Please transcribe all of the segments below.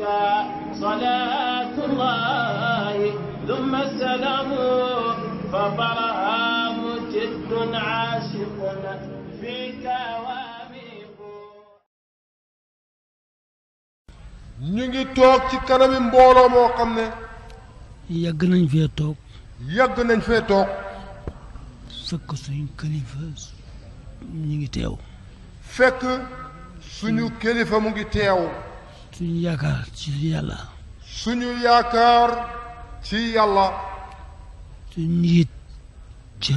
ñu ngi toog ci kanami mbooloo moo xam ne yàgg nañ fee toog yàgg nañ fekk suñu kilifa ñu ngi teew fekk suñu kilifa mu ngi teew suñu yaakaar ci yàlla. suñu yaakaar ci yàlla. suñu njiit ci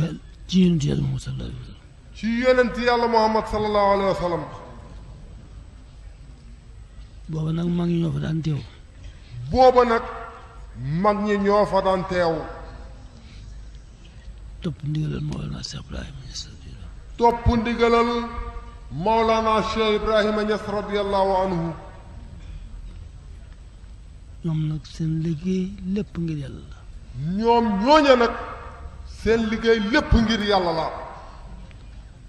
ci yonent yàlla Muhammad sallallahu alayhi wa yàlla Muhammad sallallahu alayhi wa sallam. booba nag mag ñi ñoo fa daan teew. booba nag mag ñi ñoo fa daan teew. topp ndigalal Mawlana Cheikh Ibrahima Niass. radiyallahu anhu. ñoom nag seen liggéey lépp ngir yàlla la ñoom ñooña nag seen liggéey lépp ngir yàlla la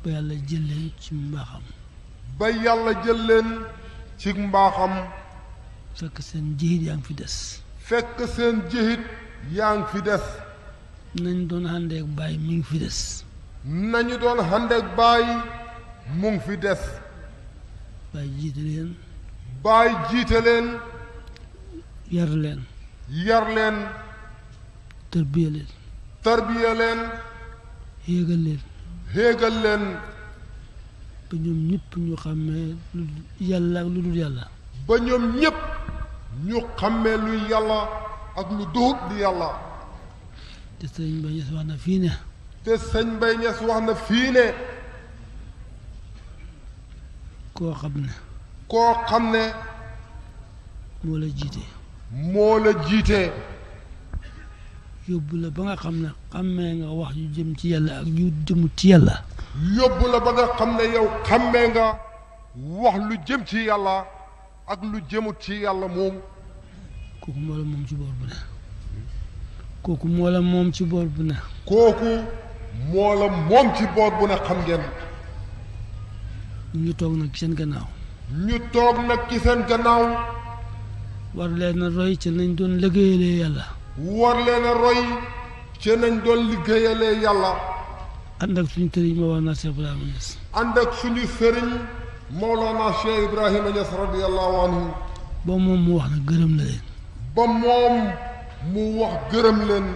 ba yàlla jël leen ci mbaaxam ba yàlla jël leen ci mbaaxam fekk seen jihit yaa ngi fi des fekk seen jihit yaa ngi fi des nañ doon xàndeek baay mi ngi fi des nañu doon xàndeek baay mu ngi fi des baay jiite leen baay jiite leen yar leen yar leen tarbiya leen tarbiya ba ñoom ñëpp ñu xàmmee lu yàlla ak lu dul di yàlla te sëñ Baye Niass wax na fii ne te sëñ Baye Niass wax na fii ne koo xam ne koo xam ne moo la jiite moo la jiite yóbbu la ba nga xam ne xammee nga wax yu jëm ci yàlla ak yu jëmu ci yàlla yóbbu la ba nga xam ne yow xammee nga wax lu jëm ci yàlla ak lu jëmut ci yàlla moom kooku moo la moom ci boor bu ne kooku moo la moom ci boor bu ne kooku moo la xam ngeen ñu toog nag ci seen gannaaw ñu toog nag ci seen gannaaw war leen a roy ci nañ doon liggéeyalee yàlla. war leen a roy ci nañ doon liggéeyalee yàlla. ànd ak suñu sëriñ Mawlana Cheikh Ibrahima Niass. ànd ak suñu sëriñ ba moom mu wax nag gërëm leen. ba moom mu wax gërëm leen.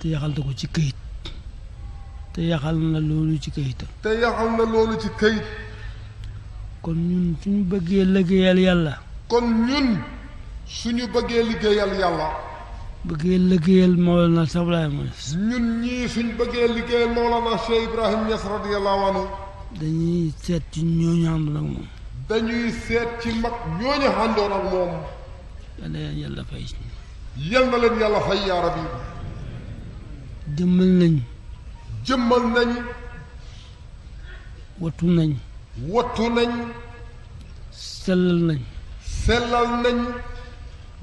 te yaxal ko ci këyit. te yaxal na loolu ci këyitam. te yaxal na loolu ci këyit. kon ñun suñu bëggee liggéeyal yàlla. kon ñun suñu bëggee liggéeyal yàlla bëggee liggéeyal Mawlana Cheikh Ibrahima Niass ñun ñii suñ bëggee liggéeyal Mawlana Cheikh dañuy seet ci ñooñu àndoon ak moom dañuy seet ci mag ñooñu àndoon ak moom yal na leen yàlla fay yàlla fay yaa jëmmal nañ jëmmal nañ wattu nañ wattu nañ sellal nañ sellal nañ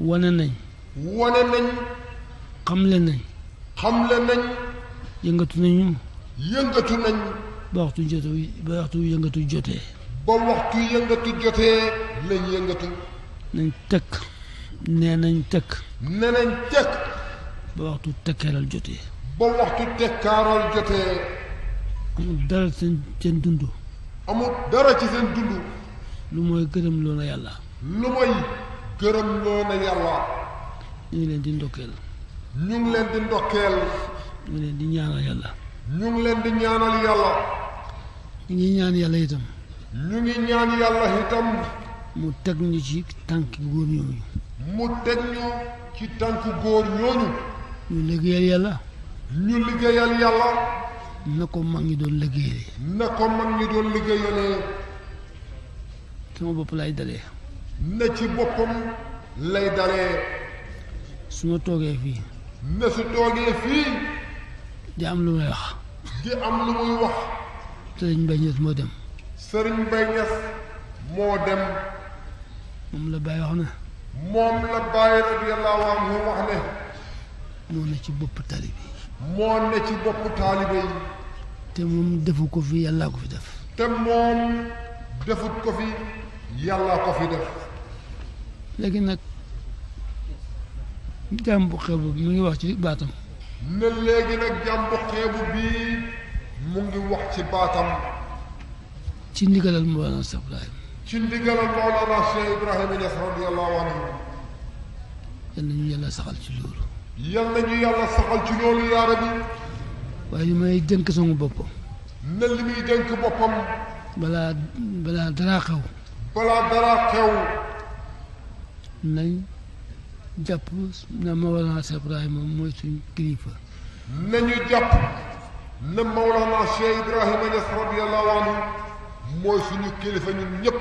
wane nañ wane nañ xamle xam xamle nañ yëngatu nañu yëngatu nañ ba waxtu jote ba waxtu yëngatu jotee ba waxtu yëngatu jotee lañ yëngatu nañ tekk nee nañ tekk nee nañ tekk ba waxtu tekkeeral jotee ba waxtu tekkaaral jotee amul dara seen seen dund amul dara ci seen dund lu mooy gërëm loona yàlla lu may gërëm loo yàlla. ñu leen di ndokkeel. ñu ngi leen di ndokkeel. ñu leen di ñaanal yàlla. ñu leen di ñaanal yàlla. ñu ñaan yàlla itam. ñu ngi ñaan yàlla itam. mu teg ñu ci tànk góor ñooñu. mu teg ñu ci tànk góor ñooñu. ñu liggéeyal yàlla. ñu liggéeyal yàlla. na ko mag ñi doon liggéeyee. na ko mag ñi doon liggéeyalee. sama bopp laay dalee. ne ci boppam lay dalee su ma toogee fii ne su toogee fii di am lu muy wax di am lu muy wax sëriñ Baye Niass moo dem sëriñ Baye Niass moo dem moom la bàyyi wax na moom la Baye radiyallahu anhu wax ne moo ne ci bopp taalibe yi moo ne ci bopp taalibe te moom defu ko fi yàllaa ko fi def te moom defut ko fi yàllaa ko fi def léegi nag jàmm bu xeebu bi mu ngi wax ci baatam. ne léegi nag jàmm bu xeebu bii mu ngi wax ci baatam. ci ndigalal Mawlana Cheikh Ibrahim. ci ndigalal Mawlana Cheikh Ibrahima Niass radiyallahu anhu. yal nañu yàlla saxal ci loolu. may dénk sama boppam. ne li muy dénk boppam. balaa balaa daraa xew. nañ jàpp na Mawlana Cheikh Ibrahima mooy suñ kilifa. nañu jàpp na Mawlana Cheikh Ibrahima Niass radiyallahu anhu mooy suñu kilifa ñun ñëpp.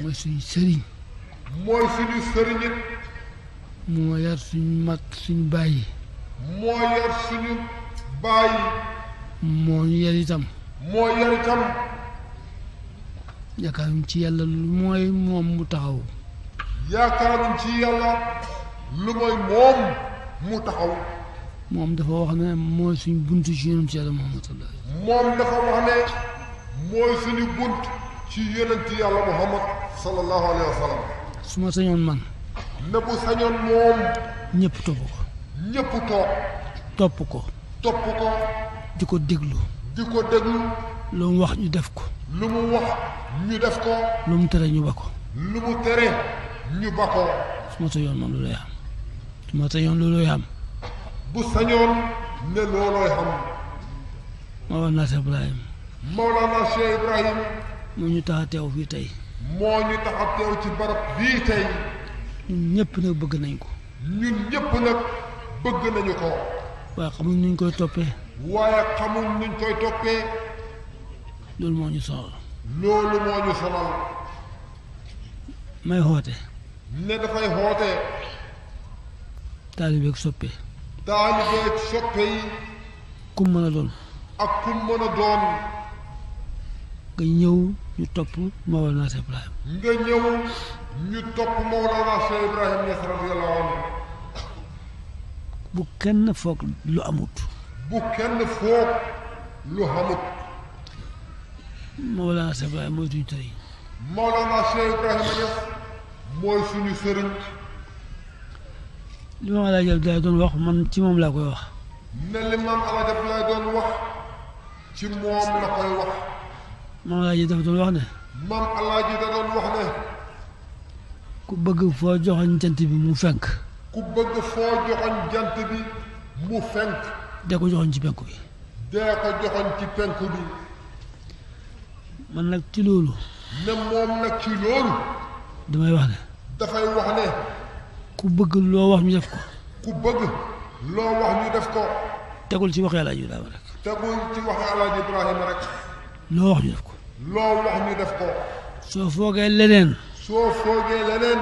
mooy suñu sëriñ. mooy suñu sëriñ it. moo yar suñu mag suñu bàyyi. moo yar suñu bàyyi. moo yar itam. moo yar itam. yaakaaruñ ci yàlla mooy moom mu taxaw. yaakaaruñ ci yàlla lu mooy moom mu taxaw moom dafa wax ne mooy suñu bunt ci yonent yàlla Muhammad sallallahu alayhi moom dafa wax ne mooy suñu bunt ci su ma sañoon man ne bu sañoon moom ñëpp topp ko ñëpp toog topp ko topp ko di ko déglu di ko déglu lu mu wax ñu def ko lu mu wax ñu def ko lu mu tere ñu ba ko lu mu tere ñu ba ko. suma ma sañoon moom loolooy xam su ma sañoon loolooy xam. bu sañoon ne loolooy xam. Mawlana Cheikh Ibrahim. Mawlana Cheikh Ibrahim. moo ñu tax teew fii tey. moo ñu tax a teew ci barab bii tey. ñun ñëpp nag bëgg nañ ko. ñun ñëpp nag bëgg nañu ko. waaye xamuñ nuñ koy toppee. waaye xamuñ nuñ koy toppee. loolu moo ñu soxal. loolu moo ñu soxal. may xoote. ne dafay xootee taalibeeg soppe taalibeeg soppe kum mën a doon ak kum mën a doon nga ñëw ñu topp Mawlana Cheikh Ibrahim nga Ibrahim Niass radiyallahu anhu amut bu kenn foog lu amut Mawlana Cheikh Ibrahim mooy suñu tëriñ Mawlana mooy suñu sëriñ. li ma laaj Abdoulaye doon wax ci moom laa koy wax. ne li maam Alaaji Abdoulaye doon wax ci moom la koy wax. maam Alaaji dafa doon wax doon wax ne. ku bëgg foo joxoñ jant bi mu fenk. ku bëgg foo joxoñ jant mu fenk. dee ko joxoñ ci penku bi. dee joxoñ ci penku bi. man nag ci loolu. ne moom nag ci loolu. duma wax ne. dafay wax ku bëgg loo wax ñu def ko. ku bëgg wax ñu def ko. tegul ci waxee El Hadj Ibrahima rek. tegul loo wax ñu def ko. loo wax ñu def ko. soo foogee leneen. soo foogee leneen.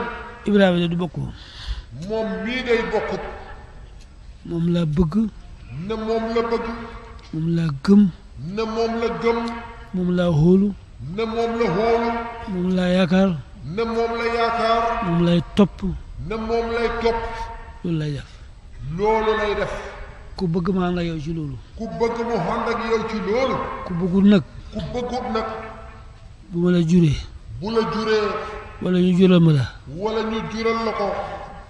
Ibrahima de du bokk moom. mii day bokkut. moom laa bëgg. ne moom la bëgg. moom laa gëm. ne moom la gëm. moom laa hóolu. ne moom la hóolu. moom laa yaakaar. ne moom la yaakaar. moom lay topp. ne moom lay topp. loolu lay def. loolu lay def. ku bëgg mu ànd ak yow ci loolu. ku bëgg mu ànd ak yow ci loolu. ku bëggul nag. ku bëggul nag. bu ma la juree. bu la juree. wala ñu jural ma la. wala ñu jural la ko.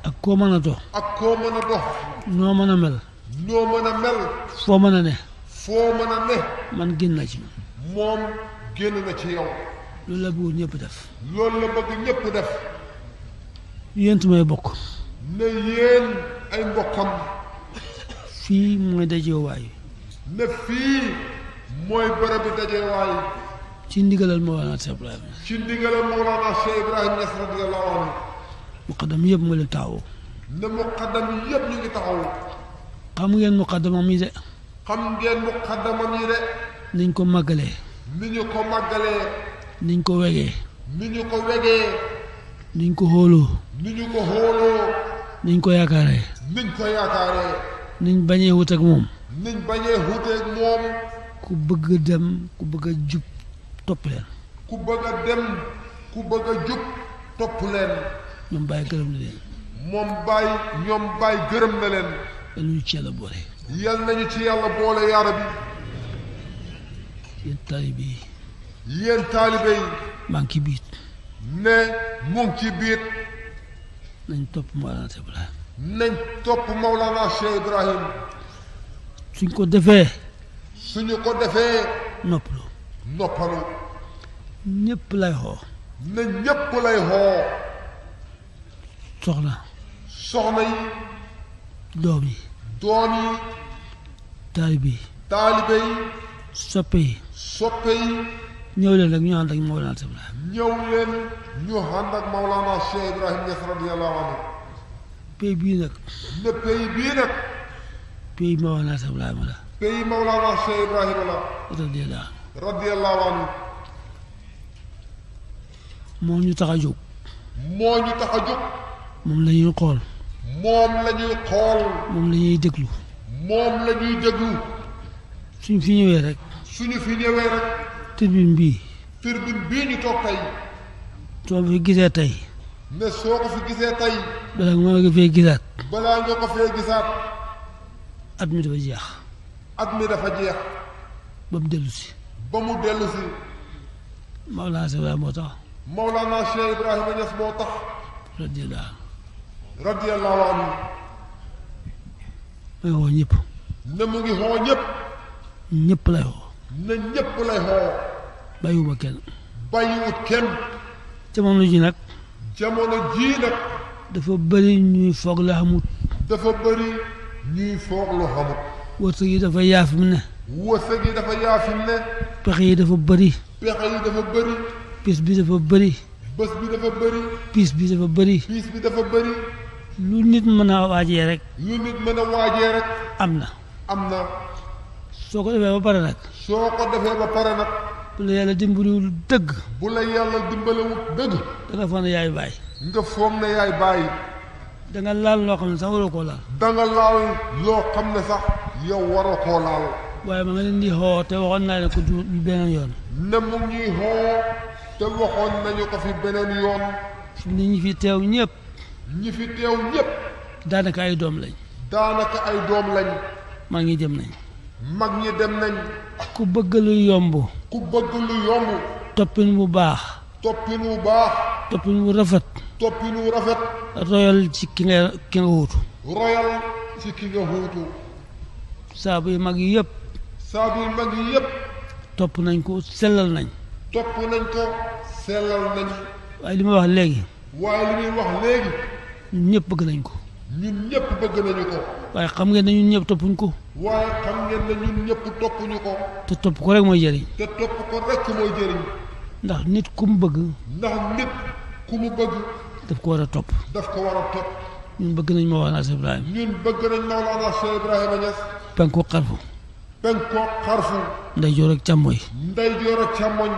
ak koo mën a dox. ak koo mën a dox. noo mën a mel. noo mën a mel. foo mën a ne. foo mën a ne. man génn na ci. moom génn na ci yow. loolu la bëgg ñëpp def. loolu la bëgg ñëpp def. yéen may bokk. ne yéen ay mbokkam. fii mooy dajewaay. ne fii mooy bërëb bi dajewaay. ci ndigalal Mawlana Cheikh Ibrahima. ci ndigalal Mawlana Cheikh Ibrahima Niass radiyallahu anhu. muqaddam yëpp nga ngi taxaw. xam ngeen muqaddamam yi de. xam ngeen muqaddamam yi de. niñ ko màggalee. ni ñu ko màggalee. niñ ko wegee ni ñu ko wegee niñ ko xóoloo ni ñu ko xóoloo niñ ko yaakaaree niñ ko yaakaaree niñ bañee wut ak moom niñ bañee ku bëgg a dem ku bëgg a jub topp leen ku bëgg a dem ku bëgg a jub topp leen ñoom bàyyi gërëm na leen moom ñoom bàyyi gërëm na leen yal nañu ci yàlla boole yal nañu bi yéen taalibe yi yéen taalibe yi. maa ci biir. ne mu ngi ci topp Mawlana Cheikh Ibrahim. suñ ko defee. suñu ko defee. noppalu. noppalu. ñëpp lay xoo. ne ñëpp lay xoo. soxna. soxna yi. doom yi. doom yi. ñëw leen rek ñu ànd ak Mawlana Cheikh Ibrahim. ñëw leen ñu ànd ak Mawlana Cheikh Ibrahim Niass radiyallahu bii nag. ne pays bii Mawlana Cheikh Ibrahim la. pays Mawlana Cheikh Ibrahim la. radiyallahu anhu. radiyallahu anhu. moo ñu tax a jóg. moo ñu tax a jóg. moom la ñuy moom la ñuy xool. moom la ñuy déglu. tribune bii. bi bii ñu toog tey. soo ko fi gisee tey. ne soo ko fi gisee tey. balaa nga ko fee gisaat. at mi dafa jeex. at mi dafa jeex. ba mu dellu si. ba mu dellu si. Mawlana Cheikh Ibrahima moo tax. Mawlana Cheikh Ibrahima Niass moo tax. radiyallahu anhu. radiyallahu anhu. may woo ñëpp. ne mu ngi xoo ñëpp. ñëpp lay xoo. ne ñëpp lay xoo. bàyyiwuma kenn. bàyyiwut kenn. jamono ji nag. jamono ji nag. dafa bëri ñuy foog la xamut. dafa bëri ñuy foog lu xamut. wërsëg yi dafa yaafim ne. wërsëg yi dafa yaafim yi dafa bëri. pexe dafa bëri. bi dafa bëri. bés bi dafa bëri. piis bi dafa bëri. piis bi dafa bëri. lu nit mën a waajee rek. lu nit mën a waajee rek. am na. am na. soo ko ba pare nag. soo ko ba pare nag. bu la yàlla dimbaliwul dëgg. bu la yàlla dimbaliwul dëgg. da nga foog yaay bàyyi. nga foog ne yaay bàyyi. da laal loo xam ne sax waroo koo laal. da nga laal loo xam ne sax yow waroo koo laal. waaye ma nga leen di xoo te waxoon naa ne ko du beneen yoon. ne mu ngi xoo nañu ko fi beneen yoon. nit ñi fi teew ñëpp. ñi fi teew ñëpp. daanaka ay doom lañ. daanaka ay doom lañ. mag ñi dem nañ. mag ñi dem nañ. ku bëgg yomb. ku bëgg lu yomb. toppin bu baax. toppin bu baax. toppin bu rafet. toppin bu rafet. royal ci ki nga royal ci ki nga wuutu. yu mag yi yëpp. saabu yu mag yi topp nañ ko sellal nañ. topp nañ ko sellal nañ. waaye li ma wax léegi. waaye li muy wax léegi. ñun ñëpp bëgg nañ ko. ñun ñëpp bëgg nañu ko. waaye xam ngeen ne ñun ñëpp toppuñ ko. waaye xam ngeen ne ñun ñëpp toppuñu ko. te topp ko rek mooy jëriñ. te topp ko rek mooy jëriñ. ndax nit ku mu bëgg. ndax nit ku mu bëgg. daf ko war a topp. daf ko war a topp. ñun bëgg nañ Mawlana Cheikh Ibrahima. ñun bëgg nañ Mawlana Cheikh Ibrahima Niass. penku xarfu. penku xarfu. ndeyjoor ak càmmoñ. ndeyjoor ak càmmoñ.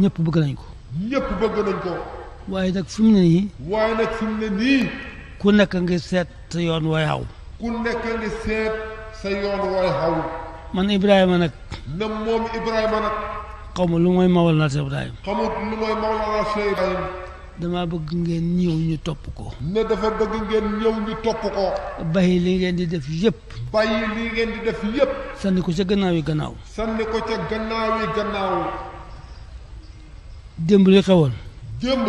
ñëpp bëgg nañ ko. ñëpp bëgg nañ ko. waaye nag fi mu ne nii. waaye nag fi mu ne nii. ku nekk nga seet sa yoon wa yaaw. ku nekk ngi seet sa yoon wooy xaw man Ibrahima nag na moom Ibrahima nag xamul lu mooy Mawlana Cheikh Ibrahima xamul dama bëgg ngeen ñëw ñu topp ko ne dafa bëgg ngeen ñëw ñu topp ko bàyyi li ngeen di def yëpp bàyyi li ngeen di def yëpp sànni ko ca gannaaw yi gannaaw sànni ko ca gannaaw yi gannaaw démb li xewoon démb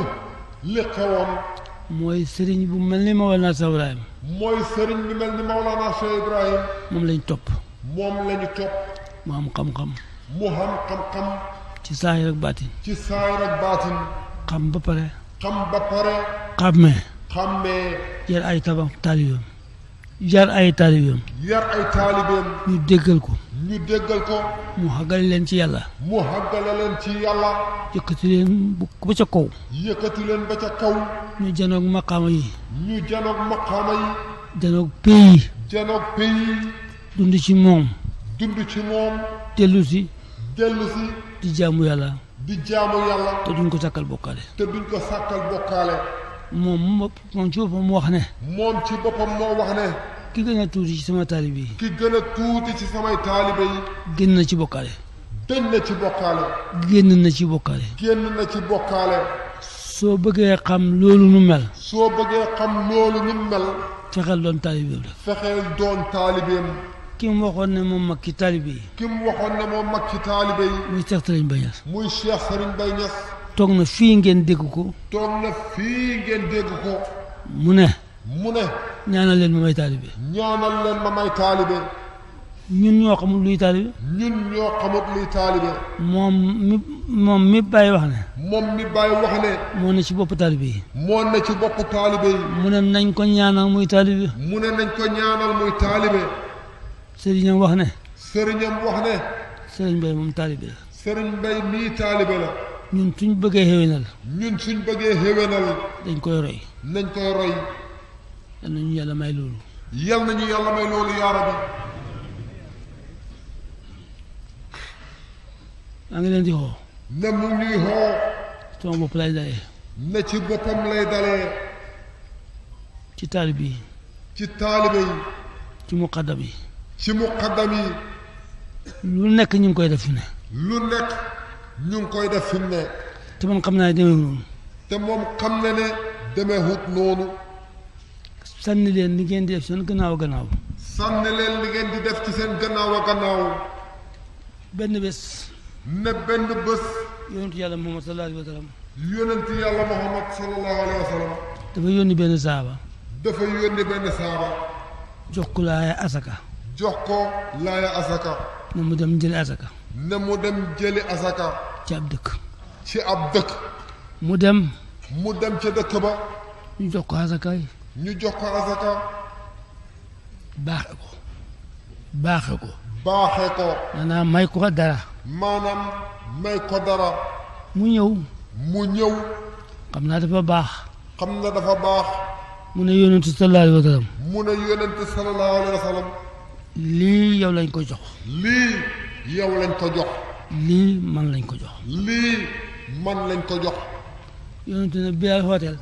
li xewoon mooy sëriñ bu mel ni Mawlana Cheikh Ibrahima. mooy sëriñ bu mel ni Mawlana Cheikh Ibrahima. moom lañ topp. moom lañu topp. mu am xam-xam. mu am xam-xam. ci saahir ak baatin. ci saahir ak baatin. xam ba pare. xam ba pare. xàmmee. xàmmee. jël ay tabam taalibeem. yar ay taalibeem ñu déggal ko ñu déggal ko mu xàggale leen ci yàlla mu xàggale leen ci yàlla yëkkati leen ba ca kaw yëkkati leen ba ca ñu janoog maqaama yi ñu janoog maqaama yi janoog pays janoog pays dund ci moom dund ci moom dellu si dellu si di jaamu yàlla di jaamu yàlla te duñ ko sàkkal bokkaale te duñ ko sàkkal bokkaale moom moom wax ne. moom ci boppam moo wax ne. ki gën a tuuti ci sama taalibe yi. ki gën a tuuti ci samay taalibe yi. génn na ci bokkaale. génn na ci bokkaale. génn na ci bokkaale. génn na ci bokkaale. soo bëggee xam loolu nu mel. soo bëggee xam loolu nu mel. fexeel doon taalibeem la. fexeel doon taalibeem. ki mu waxoon ne moom mag ci taalibe yi. ki mu waxoon ne moom mag ci taalibe yi. muy Cheikh Serigne Baye Niass. toog na fii ngeen dégg ko. toog na fii ngeen dégg ko. mu ne. mu ne. ñaanal leen ma may taalibe. ñaanal leen ma may taalibe. ñun ñoo xamul luy taalibe. ñun ñoo xamul luy taalibe. moom mi moom wax ne. moom mi bàyyi wax ne. ci bopp taalibe yi. moo ne ci mu nañ ko ñaanal muy taalibe. mu ne nañ ko ñaanal muy taalibe. sëriñam wax ne. sëriñam wax ne. sëriñ Mbay moom taalibe taalibe la. ñun suñ bëggee xéwénal ñun suñ bëggee xéwénal dañ koy roy nañ koy roy yal nañu yàlla may loolu yal nañu yàlla may loolu yaa rabbi maa ngi leen di xoo ne mu ngi xoo sama bopp lay dalee ne ci boppam lay dalee ci taalib ci taalibe yi ci muqaddam ci muqaddam lu nekk ñu ngi koy def lu nekk ñu koy def fi mu ne. te moom xam naa ne noonu. te moom xam na ne demeewut noonu. sànni leen li ngeen di def seen gannaaw gannaaw. sànni leen li ngeen di def ci seen gannaaw gannaaw. benn bés. ne benn bés. yonentu yàlla Muhammad sallallahu alayhi wa Muhammad sallallahu alayhi wa sallam. dafa yónni benn saaba. dafa yónni benn saaba. jox ko laaya asaka. jox ko laaya asaka. na mu dem jëli asaka. ne mu dem jëli asaka ci ab dëkk ci ab dëkk mu dem mu dem ca dëkk ba ñu jox ko asaka yi ñu jox ko asaka baaxe ko baaxe ko baaxe ko maanaam may ko dara maanaam may ko dara mu ñëw mu ñëw xam naa dafa baax xam na dafa baax mu ne yonent sallallahu alayhi wa sallam mu ne yonent sallallahu alayhi wa sallam lii yow lañ ko jox lii yow lañ ko jox lii man lañ ko jox lii man lañ ko jox yonent ne bilaal hotel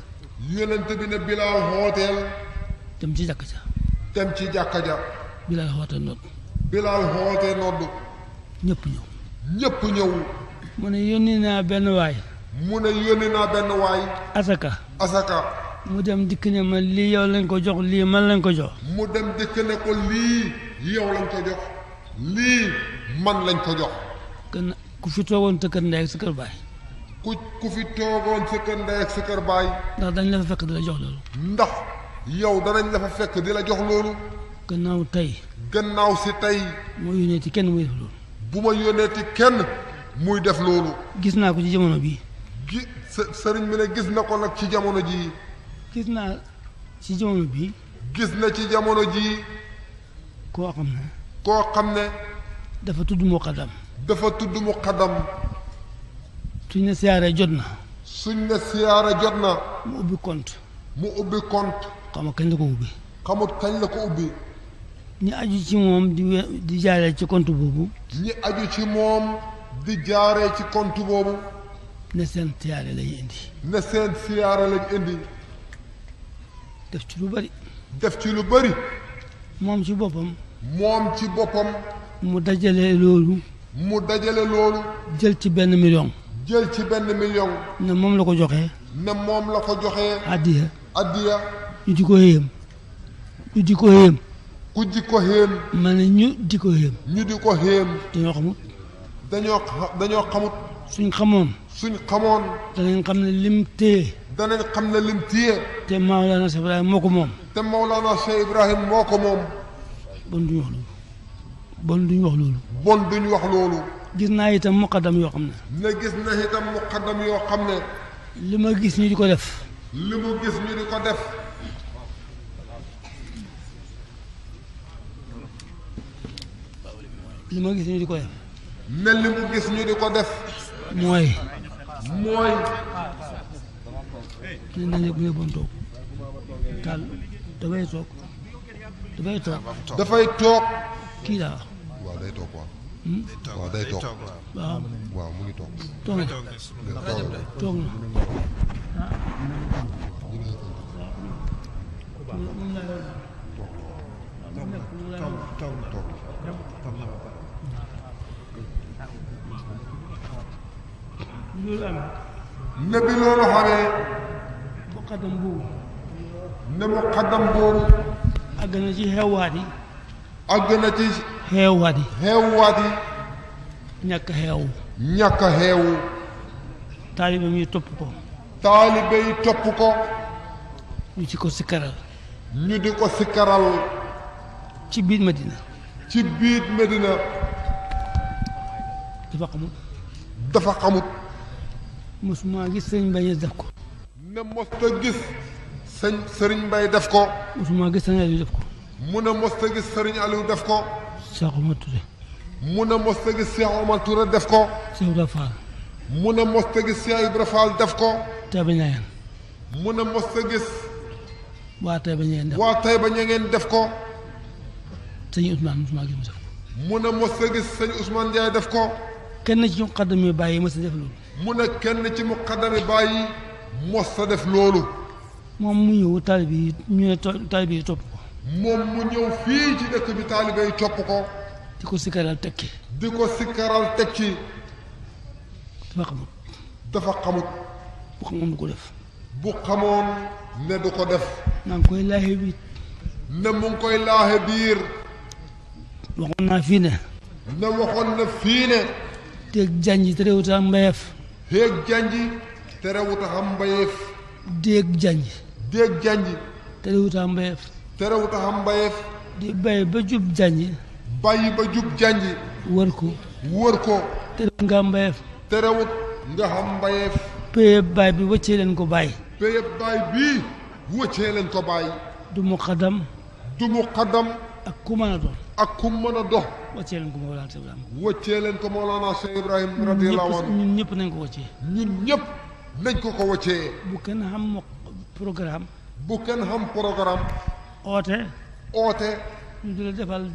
yonent bi ne bilaal hotel dem ci jàkka ja dem ci jàkka ja bilaal hotel nodd bilaal hotel nodd ñëpp ñëw ñëpp ñëw mu ne yónni naa benn waay mu ne yónni naa benn waay asaka asaka mu dem dikk ne ma lii yow lañ ko jox lii man lañ ko jox mu dem dikk ne ko lii yow lañ ko jox lii man lañ ko jox. kon ku fi toogoon sa kër ndey ak sa kër baay. ku ku fi toogoon sa ndey ak sa baay. ndax dañ la fa fekk di la jox loolu. ndax yow danañ la fa fekk di la jox loolu. gannaaw tey. gannaaw si tey. moo yónnee ci kenn muy def bu ma yónnee ci kenn muy def loolu. gis naa ko ci jamono bii. gi sëriñ bi ne gis na ko nag ci jamono jii. gis naa ci bii. gis na ci jamono jii. koo xam ne. koo xam ne. dafa tudd muqaddam dafa tudd muqaddam suñ ne siyaare jot na suñ ne siyaare jot na mu ubbi compte mu ubbi compte xamut kañ la ko ubbi xamut kañ la ko ubbi ñi aju ci moom di jaaree ci compte boobu ñi aju ci moom di jaaree ci compte boobu ne seen siyaare lañu indi ne seen siyaare lañu indi def ci lu bari def ci lu bari moom ci boppam moom ci boppam mu dajale loolu. mu dajale loolu. jël ci benn million. jël ci benn million. ne moom la ko joxe ne moom la ko joxe addiya. addiya. ñu di ko yéem. ñu di ko yéem. ku di ko xéem. ma ñu di ko xéem. ñu di ko xéem. dañoo xamut. dañoo dañoo xamut. suñ xamoon. suñ xamoon. danañ xam ne lim téye. danañ xam ne lim téye. te Maolana Cheikh Ibrahim moo ko moom. te Maolana Cheikh Ibrahim moo ko moom. bon du ñu loolu. bon duñ wax loolu. bon duñ wax loolu. gis naa itam muqaddam yoo xam ne. ne gis na itam muqaddam yoo xam ne. li ma gis ñu di ko def. li mu gis ñu di ma gis ko def. ne li mu gis ñu di ko def. mooy. mooy. ne na ne bu ne bon toog. taal dafay toog. dafay toog. dafay toog. kii laa. waaw mu ngi toog. na toog na. ne bi loolu xamee. muqaddam boobu. àgg na ci xeewwaat yi xeewwaat yi ñàkk xeewu ñàkk xeewu taalibe mi topp ko taalibe topp ko ñu ci ko sikkaral ñu di ko sikkaral ci biir Medina ci biir Medina dafa xamut dafa xamut mosuma gis sëriñ Mbaye def ko ne mos ta gis sëriñ Mbaye def ko mosuma gis sëriñ Aliou def ko mun a mos a gis Serigne Aliou def ko. Cheikh Omar Touré. mun a mos gis Cheikh Omar def ko. Cheikh Ibra Fall. mun a mos a gis sa Ibra Fall def ko. Taïba Niassène. mun a mos a gis. waa Taïba Niassène def ko waa Taïba def ko. sëñ Ousmane Ousmane gis mu def ko. mun a mos a gis sëñ Ousmane Ndiaye def ko. kenn ci muqaddam yi bàyyi mos a def loolu. ci muqaddam yi bàyyi mos a def loolu. moom mu ñëw taalibe yi ñu ne yi topp moom mu ñëw fii ci dëkk bi taalibe yi topp ko di ko sikkaral tekki di ko sikkaral tekki dafa xamut dafa xamut bu xamoon du ko def bu xamoon ne du ko def naa ngi koy laaxe biir ne mu koy laaxe biir waxoon naa fii ne ne waxoon na fii ne déeg janji te réewut am mbayeef déeg janji te réewut am mbayeef déeg janji déeg janji te réewut am mbayeef terewut a xam mbayeef di bàyyi ba jub janj bàyyi ba jub jànj wër ko wër ko terewut nga xam mbayeef terewut nga xam mbayeef péyeb baay bi wëccee leen ko bàyyi péyeb baay bii wëccee leen ko bàyyi du mu xadam du mu xadam ak ku mën a dox ak ku mën a dox wëccee leen ko Mawlana Cheikh Ibrahim wëccee leen ko Ibrahim radiyallahu anhu ñun ñëpp nañ ko wëccee ñun ñëpp nañ ko ko wëccee bu kenn xam programme bu kenn xam programme oote. oote. ñu di la defal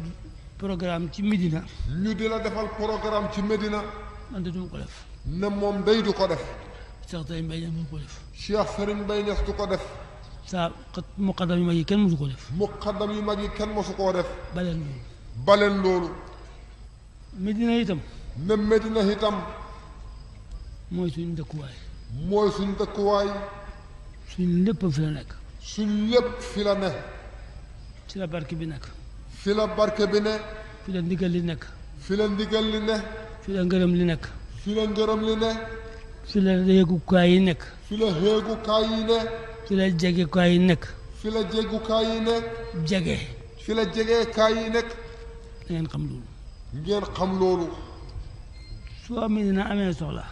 programme ci Medina. ñu di la defal programme ci Medina. man de du ko def. ne moom day du ko def. Cheikh Serigne Mbaye Niass du ko def. Cheikh Serigne du ko def. saa muqaddam yu yi kenn mosu koo yu mag yi kenn mosu koo def. baleen loolu. baleen loolu. Medina itam. ne Medina itam. mooy suñu dëkkuwaay. mooy suñu dëkkuwaay. suñ lépp fi la nekk. suñ lépp fi la ci la barke bi nekk. fi la bi ne. fi la ndigal li nekk. fi la ndigal li ne. fi la ngërëm li nekk. fi la ngërëm li ne. fi la yéegukaay yi nekk. fi la yéegukaay yi ne. fi la jegeekaay yi nekk. fi la jeegukaay yi nekk. jege. fi la jegeekaay yi nekk. da xam loolu. ngeen xam loolu. su Medina amee soxla.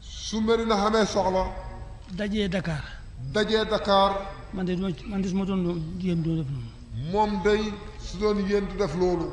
su Medina amee soxla. dajee Dakar. dajee Dakar. man de man de su ma doon def noonu. moom day su doon du def loolu.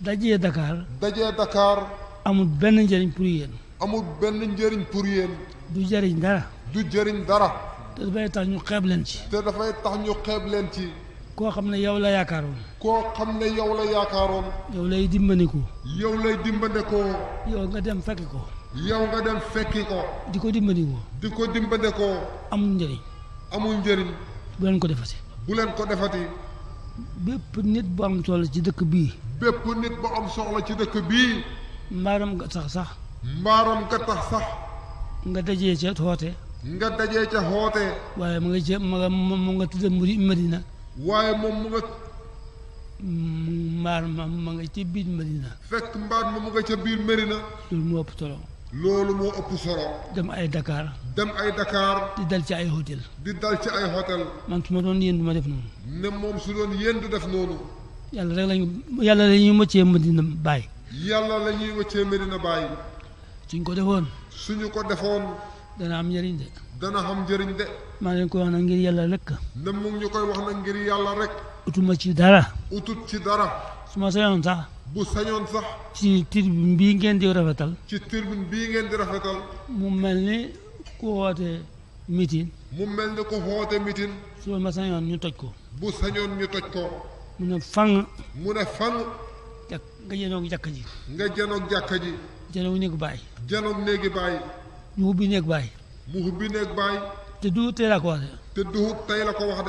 dajee Dakar. dajee Dakar. amul benn njëriñ pour yéen. amul benn njëriñ pour yéen. du jëriñ dara. du jëriñ dara. te dafay tax ñu xeeb leen ci. te dafay tax ñu xeeb leen ci. koo xam ne yow la yaakaaroon. koo xam ne yow la yaakaaroon. yow lay dimbandiku. yow lay dimbandikoo. yow nga dem fekki ko. yow nga dem fekki ko. di ko dimbandikoo. di ko dimbandikoo. amul njëriñ. amul njëriñ. bu leen ko defati. bu leen ko defati. bépp nit bu am soxla ci dëkk bii. bépp nit bu am soxla ci dëkk bii. mbaaram nga tax sax. mbaaram nga tax sax. nga dajee ca xoote. nga dajee ca xoote. waaye mu nga ca moom mu nga tudd Madina. waaye moom mu nga. mbaar ma ma nga ci biir Madina. fekk mbaar ma mu nga ca biir Madina. loolu moo ëpp solo. loolu moo ëpp solo. dem ay dakaar dem ay Dakar. di dal ci ay hôtel. di dal ci ay hôtel. man su ma doon yéen du ma def noonu. ne moom su doon yéen du ma noonu. yàlla rek lañu yàlla la ñuy wëccee Medina Baye. yàlla la ñuy wëccee Medina Baye. suñ ko defoon. suñu ko defoon. dana am njëriñ de. dana am njëriñ de. maa leen ko wax nag ngir yàlla rek. ne mu ngi ñu koy wax nag ngir yàlla rek. utuma ci dara. utut ci dara. su ma sañoon sax. bu sañoon sax. ci tribune bii ngeen di rafetal. ci tribune bii ngeen di rafetal. mu mel ni. ku woote mitin mu mel ne ku woote mitin su ma sañoon ñu toj ko bu sañoon ñu toj ko mu ne fang mu ne fang jàkk nga jënoog jàkka ji nga jënoog jàkka ji jënoog néegu baay jënoog néegi baay ñu ubbi néeg baay mu ubbi néeg baay te duhut tey ko tey la ko wax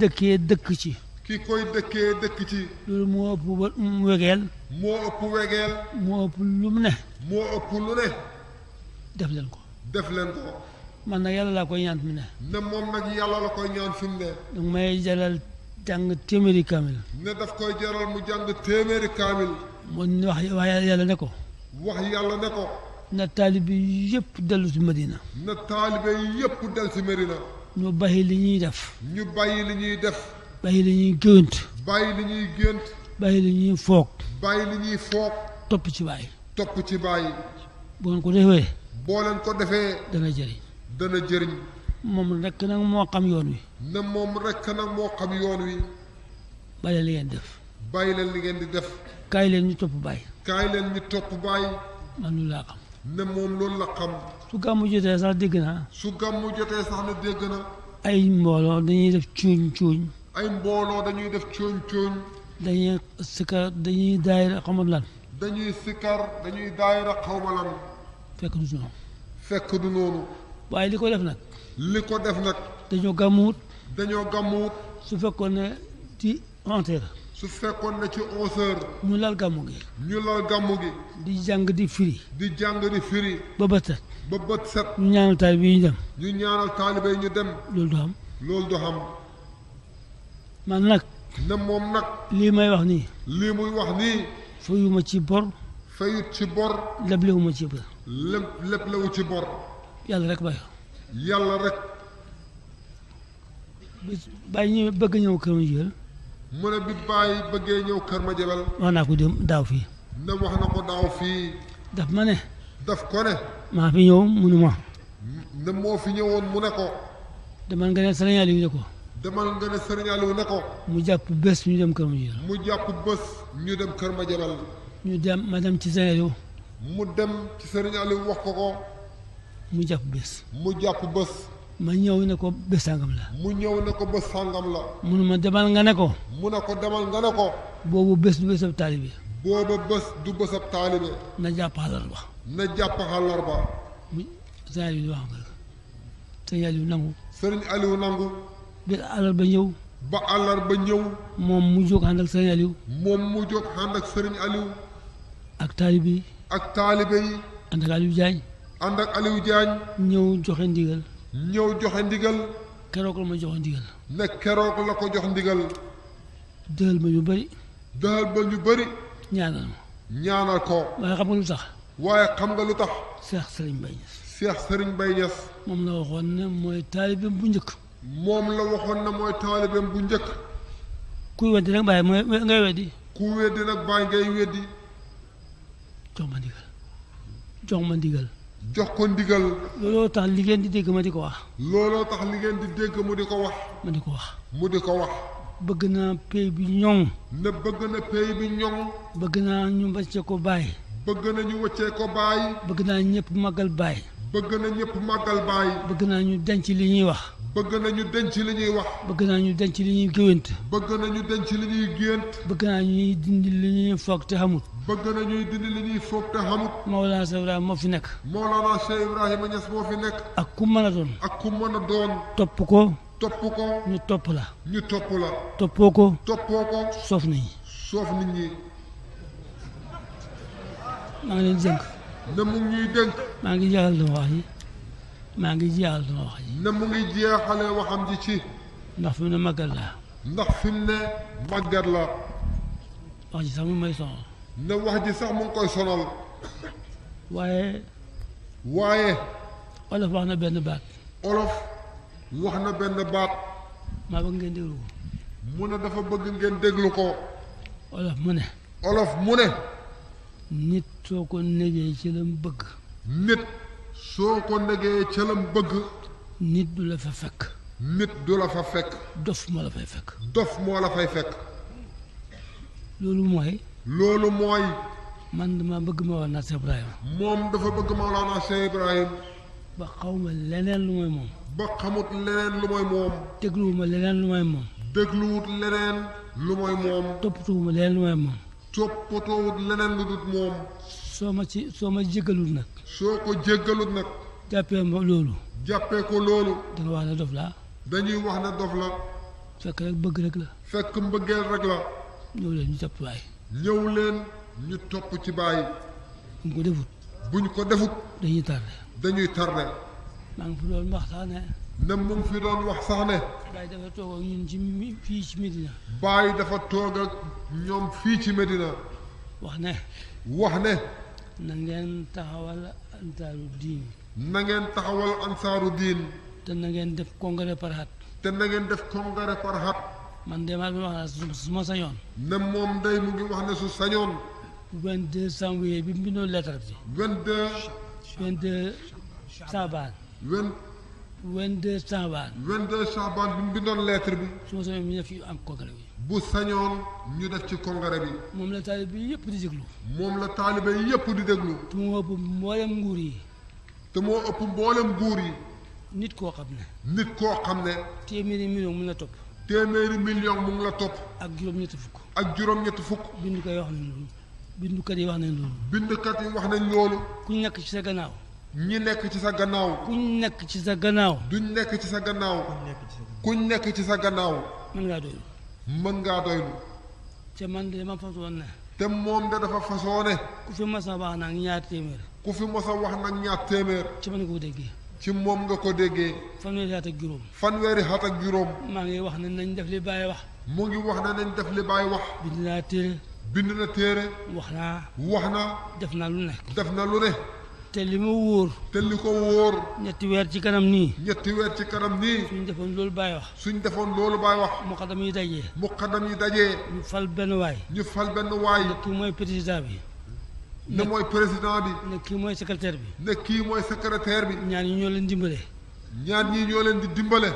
de dëkk ci ki koy dëkkee dëkk ci loolu moo ëpp wegeel moo ëpp wegeel moo ëpp lu mu ne moo ëpp lu ne def leen ko. def leen man na yàlla laa koy ñaan fi mu ne. ne yàlla la koy ñaan fi mu ne. donc may jalal jàng téeméeri kaamil. ne daf ko jaral mu jàng téeméeri kaamil. mu wax wax yàlla ne ko. wax yàlla ne ko. na taalibe yëpp dellu si Medina. na taalibe yëpp dellu si Medina. ñu bàyyi li ñuy def. ñu bàyyi li ñuy def. bàyyi li ñuy gént. bàyyi li ñuy gént. foog. bàyyi li ñuy foog. topp ci bàyyi. topp ci bàyyi. bu ngeen ko defee. boo leen ko defee. dana jëriñ. dana jëriñ. moom rekk nag moo xam yoon wi. ne moom rekk nag moo xam yoon wi. bàyyi leen def. bàyyi leen li di def. kaay leen ñu topp baay. kaay leen ñu topp baay. man loolu laa xam. ne moom loolu la xam. su gàmmu jotee sax dégg naa. su gàmmu jotee sax ne dégg na. ay mbooloo dañuy def cuuñ cuuñ. ay mbooloo dañuy def cuuñ cuuñ. dañuy sikar dañuy daayira xaw ma lan. dañuy sikar dañuy daayira fekk du noonu. waaye li ko def nag. li ko def nag. dañoo gàmmuwut. dañoo gàmmuwut. su fekkoon ne ci onze su fekkoon ne ci onze ñu lal gàmmu gi. ñu lal gàmmu gi. di jàng di firi. di jàng di firi. ba bët set. ba bët set. ñu ñaanal taalibe ñu dem. ñu ñaanal taalibe ñu dem. loolu du xam loolu du am. man nag. ne moom nag. lii may wax nii. lii muy wax nii. fayu ma ci bor. fayut ci bor. leblewu ma ci bor. lépp lépp la wu ci bor. yàlla rek bay. yàlla rek. bàyyi ñëw bëgg ñëw kër ma jël. mu ne bi bàyyi bëggee ñëw kër ma jëbal. wax naa ko daaw fii. ne wax na ko daaw fii. daf ma ne. daf ko ne. maa fi ñëw munu ne moo fi ñëwoon mu ne ko. demal nga ne sëriñ Aliou ne ko. demal nga ne sëriñ ne ko. mu jàpp bés ñu dem kër ma jëbal. mu jàpp bés ñu dem kër ma jëbal. ñu dem ma ci sëriñ Aliou. mu dem ci sëriñ Aliou wax ko ko. mu jàpp bés. mu jàpp bés. ma ñëw ne ko bés sàngam la. mu ñëw ne ko bés sàngam la. mu ne demal nga ne ko. mu ne ko demal nga ne ko. boobu bés du bésab taalibe. booba bés du bésab taalibe. na jàpp àllarba. na jàpp àllarba. mu sëriñ Aliou wax nga sëriñ Aliou nangu. sëriñ Aliou nangu. bés ba ñëw. ba àllarba ñëw. moom mu jóg ànd ak sëriñ Aliou. moom mu jóg ànd ak sëriñ Aliou. ak taalibe ak taalibe yi. ànd ak Aliou Diagne. ànd ak Aliou Diagne. ñëw joxe ndigal. ñëw joxe ndigal. keroog la ma jox ndigal. ne keroog la ko jox ndigal. dëhal ma yu bëri. dëhal ma ñu bëri. ñaanal ko. waaye xam xam nga lu tax. Cheikh Serigne Baye Niass. Cheikh Serigne Baye Niass. moom la waxoon ne mooy taalibeem bu njëkk. moom la waxoon ne mooy taalibeem bu njëkk. kuy weddi nag bàyyi mooy ngay weddi. ku weddi nag bàyyi ngay weddi. jox ma ndigal jox ko ndigal. looloo tax li ngeen di dégg ma di ko wax. looloo tax li ngeen di dégg mu di ko wax. ma di ko wax. mu di ko wax. bëgg naa pay bi ñoŋ. ne bëgg na pay bi ñoŋ. bëgg naa ñu wàccee ko baay. bëgg na ñu wàccee ko baay. bëgg naa ñëpp maggal baay. bëgg na ñëpp màggal baay. bëgg naa ñu denc li ñuy wax. bëgg nañu denc li ñuy wax. bëgg naa ñu denc li ñuy géwént. bëgg nañu denc li ñuy gént. bëgg naa ñuy dindi li ñuy foog te xamut. bëgg nañuy dindi li ñuy foog te xamut. Mawlana moo fi nekk. Mawlana Cheikh Ibrahima fi nekk. ak ku mën a ak ku doon. topp ko. topp ko. ñu topp la. ñu topp la. toppoo ko. toppoo ko. soof ni ñi. soof nit ñi. maa ngi leen di na mu ñuy dénk. maa ngi jàllale wax yi. maa ngi jeexal sama wax ji. ne mu waxam ji ci. ndax fi mu ne màggat laa. ndax fi mu ne màggat laa. wax ji sax mu may sonal. ne wax ji sax mu ngi koy sonal. waaye. waaye. olof wax na benn baat. olof wax na benn baat. maa bëgg ngeen déglu ko. dafa bëgg ngeen déglu ko. olof mu ne. olof mu ne. nit soo ko négee ci la mu bëgg. nit. soo ko negee ca lam bëgg nit du la fa fekk nit du la fa fekk dof moo la fay fekk dof moo la fay fekk loolu mooy loolu mooy man dama bëgg Mawlana Cheikh Ibrahim moom dafa bëgg Mawlana Cheikh Ibrahim ba xawma leneen lu mooy moom ba xamut leneen lu mooy moom dégluwuma leneen lu mooy moom dégluwut leneen lu dut moom soo ma ci soo ma jégalul na soo ko jéggalut nag. jàppee ma loolu. jàppee ko loolu. dana wax ne dof laa. dañuy wax ne dof la. fekk rek bëgg rek la. fekk mbëggeel rek la. ñëw leen ñu topp baay. ñëw leen ñu topp ci baay. buñ ko defut. buñ ko defut. dañuy tardé. dañuy tardé. maa ngi fi doon wax sax ne. ne mu fi doon wax sax ne. baay dafa toog ñun ci fii ci Medina. baay dafa toog ak ñoom fii ci Medina. wax ne. wax ne. na ngeen taxawal. ansaaru diin. na ngeen taxawal ansaaru diin. te na ngeen def congrès par at. te na ngeen def congrès par at. man de maa ngi wax ne su ma sañoon. ne moom day mu ngi wax su sañoon. 22 janvier bi mu bindoon bi. 22. 22 Saabaan. 20. 22 Saabaan. 22 Saabaan bi mu bindoon bi. su ñu def am congrès bi. bu sañoon ñu def ci congrès bi. moom la taalibe yëpp di déglu. moom la taalibe yëpp di déglu. te moo ëpp mboolem nguur yi. te moo ëpp mboolem nguur yi. nit koo xam ne. nit koo xam ne. téeméeri million mun na topp. téeméeri million mu ngi la topp. ak juróom-ñetti fukk. ak juróom-ñetti fukk. bindukat yi wax nañ loolu. bindukat yi wax nañ loolu. bindukat yi wax nañ loolu. ku nekk ci sa gannaaw. ñi nekk ci sa gannaaw. kuñ nekk ci sa gannaaw. duñ nekk ci sa gannaaw. kuñ nekk ci sa gannaaw. mën ngaa doylu. mën ngaa doylu te man de dama fasoon ne te moom de dafa fasoone ku fi mos a wax nag ñaar téeméer ku fi mos a wax nag ñaar téeméer ci man nga ko déggee ci moom nga ko déggee fanweeri xat ak juróom fanweeri xat ak juróom maa ngi wax ne nañ def li bàyyi wax mu ngi wax ne nañ def li bàyyi wax bind naa téere bind na téere wax naa wax na def na lu ne def na lu ne te li ma wóor te li ko wóor ñetti weer ci kanam nii ñetti weer ci kanam nii suñ defoon loolu baay wax suñ defoon loolu baay wax muqadam yi dajee muqadam yi dajee ñu fal benn waay ñu fal benn waay ne kii mooy président bi ne mooy président bi ne mooy secrétaire bi ne kii mooy secrétaire bi ñaan yi ñoo leen dimbale ñaan ñii ñoo leen di dimbale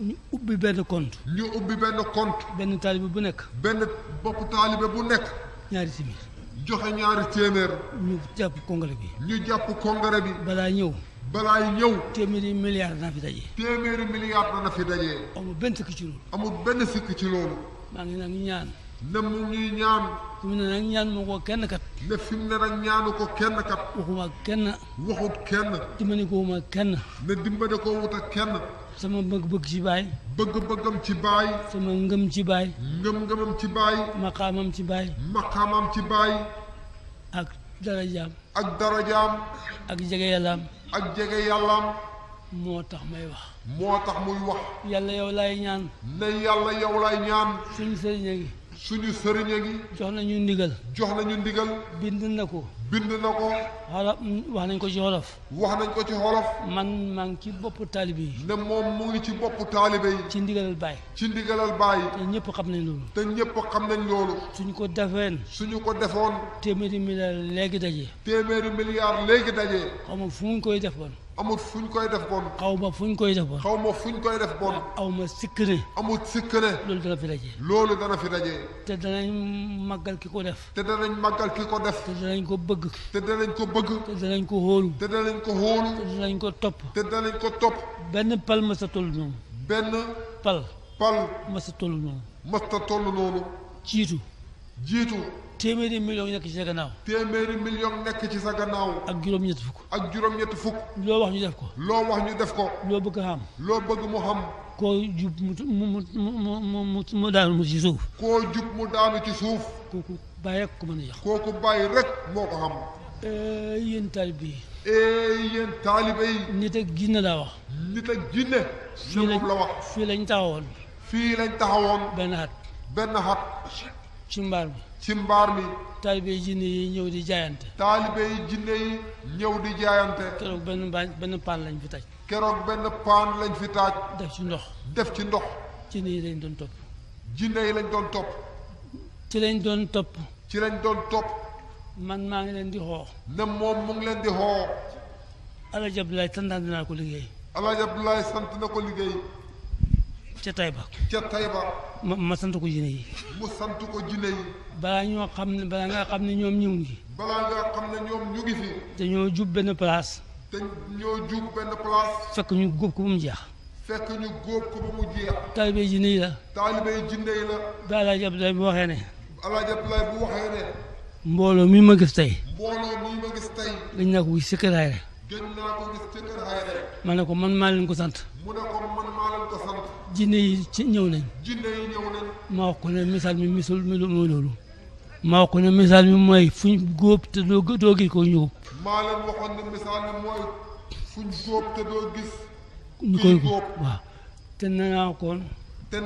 ñu ubbi benn compte ñu ubbi benn compte benn taalibe bu nekk benn bopp taalibe bu nekk ñaari simili joxe ñaari téeméer. ñu jàpp congrès bi. ñu jàpp congrès bi. balaa ñëw. balaa ñëw. téeméeri milliards dana fi daje. téeméeri milliards dana fi daje. amul benn sikk ci loolu. amul benn sikk ci loolu. maa ngi nag ñaan. ne mu ñuy ñaan. fi mu ne ñaan mu ko kenn kat. ne fi mu ne nag ko kenn kat. waxuma kenn. waxut kenn. dimbali ko wuma kenn. ne dimbali ko wuta kenn. sama bëgg-bëgg ci baay. bëgg-bëggam ci baay. sama ngëm ci baay. ngëm-ngëmam ci baay. maqaamam ci baay. maqaamam ci baay. ak darajaam. ak darajaam. ak jege yàllaam. ak jege yàllaam. moo tax may wax. moo tax muy wax. yàlla yow laay ñaan. ne yàlla yow laay ñaan. suñu sëriñ a ngi jox nañu ndigal jox nañu ndigal bind na ko bind na ko xolof wax nañ ko ci xolof wax nañ ko ci xolof man maa ngi ci bopp taalibe yi ne moom mu ngi ci bopp taalibe yi ci ndigalal baay ci ndigalal baay te ñëpp xam nañ loolu te ñëpp xam nañ loolu suñu ko defeen suñu ko defoon téeméeri milliard léegi daje téeméeri milliard léegi daje xaw fu mu koy def fu ñu koy def bon. xaw ma ñu koy def bon. xaw ma fuñ koy def bon. aw ma sikk ne. amul sikk ne. loolu dana fi daje. loolu dana fi daje. te danañ màggal ki ko def. te danañ màggal ki ko def. te danañ ko bëgg. te danañ ko bëgg. danañ ko hóolu. te danañ ko hóolu. te danañ ko topp. te danañ ko topp. benn pal ma sa toll noonu. benn. pal. pal ma sa toll noonu. ma sa toll noonu. jiitu. jiitu. téeméeri million nekk ci sa gannaaw. téeméeri million nekk ci sa gannaaw. ak juróom-ñett fukk. ak juróom-ñett fukk. loo wax ñu def ko. loo wax ñu def ko. loo bëgg xam. loo bëgg mu xam. koo jub mu mu mu mu mu daanu mu ci suuf. ci suuf. kooku bàyyi rek ko mën a yàq. kooku bàyyi rek moo ko xam. yéen taalibe yi. yéen taalibe yi. nit ak jinne laa wax. nit ak jinne. fii lañ la wax fii lañ taxawoon. fii lañ taxawoon. benn xat. benn xat. ci mbaar mi. ci mbaar mi taalibe yi jinne yi ñëw di jaayante taalibe yi jinne yi ñëw di jaayante keroog benn baañ benn paan lañ fi taaj keroog benn paan lañ fi taaj def ci ndox def ci ndox jinne yi lañ doon topp jinne yi lañ doon topp ci lañ doon topp ci lañ doon topp man naa ngi leen di xoo ne moom mu ngi leen di xoo Alaaji Abdoulaye santaan naa ko liggéey Alaaji Abdoulaye sant na ko liggéey ca Taïba ca Taïba ma ma sant ko jinne yi mu sant ko jinne yi balaa ñoo xam ne balaa nga xam ne ñoom ñu ngi fi. balaa nga xam ne ñoom ñu ngi fi. dañoo jub benn place. dañoo jub benn place. fekk ñu góob ko ba mu jeex. fekk ñu góob ko ba mu jeex. taalibe jinne yi la. taalibe jinne yi la. ba Alaaji Abdoulaye bu waxee ne. Alaaji Abdoulaye bu waxee ne. mbooloo mi ma gis tey. mbooloo mi ma gis tey. gëj naa ko gis ci kër ma ne ko man maa leen ko sant. mu ne jinne yi ci ñëw nañ. jinne yi ñëw nañ. ma wax ko ne misaal mi misul loolu. maa ko ne misaal mi mooy fuñ góob te doo doo gis ko ñu góob. maa ne misaal koy góob waaw. ko. te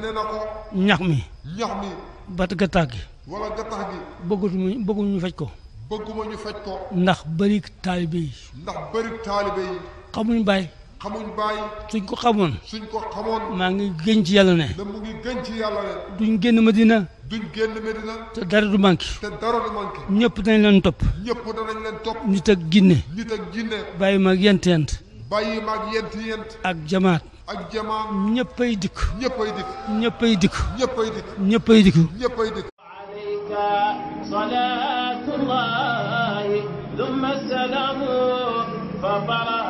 ñax mi. ñax mi. bat gattax gi. wala gattax gi. faj ko. bëgguma ñu faj ko. ndax bëri taalibe yi. ndax bëri taalibe yi. xamuñ bàyyi. xamuñ bàyyi. suñ ko xamoon. suñ ko xamoon. maa ngi gën ci yàlla ne. da mu ngi gën ci yàlla ne. duñ génn Medina. duñ génn Medina. te dara du manqué. te dara du manqué. ñëpp danañ leen topp. ñëpp danañ leen topp. nit ak ginne. nit ak ginne. bàyyi ma ak yent yent. bàyyi ma ak yent yent. ak jamaat. ak jamaat. ñëppay dikk. ñëppay dikk. ñëppay dikk. ñëppay dikk. ñëppay dikk. ñëppay dikk. salaatullahi thumma salaamu fa